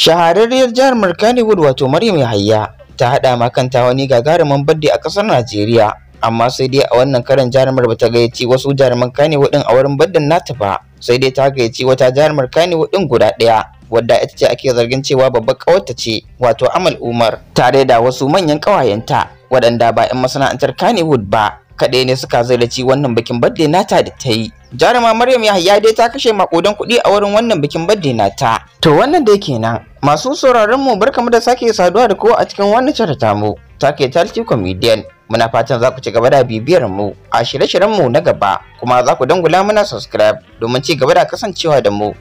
shahararriyar jihar Wood wato Maryam Yahaya ta haɗa ma kanta wani gagarumin badde a kasar Najeriya amma sai dai a wannan karan jarumar bata gayyaci wasu jaruman Kannywood din a wurin baddan nata ba sai dai ta gayyaci wata jarumar Kannywood din guda ɗaya wadda ita ce ake zargin cewa babbar kawarta ce wato Amal Umar tare da wasu manyan ƙawayenta waɗanda ba 'yan masana'antar Kannywood ba kaɗai ne suka zalaci wannan bikin birthday nata da ta yi jaruma maryam ya dai ta kashe makodan kuɗi a wurin wannan bikin birthday nata to wannan dai kenan masu sauraron mu barkamu da sake saduwa da kowa a cikin wannan shirin mu. take talci comedian muna fatan za ku ci gaba da bibiyar mu a shirye-shiryen mu na gaba kuma za ku dangula muna subscribe domin ci gaba da kasancewa da mu.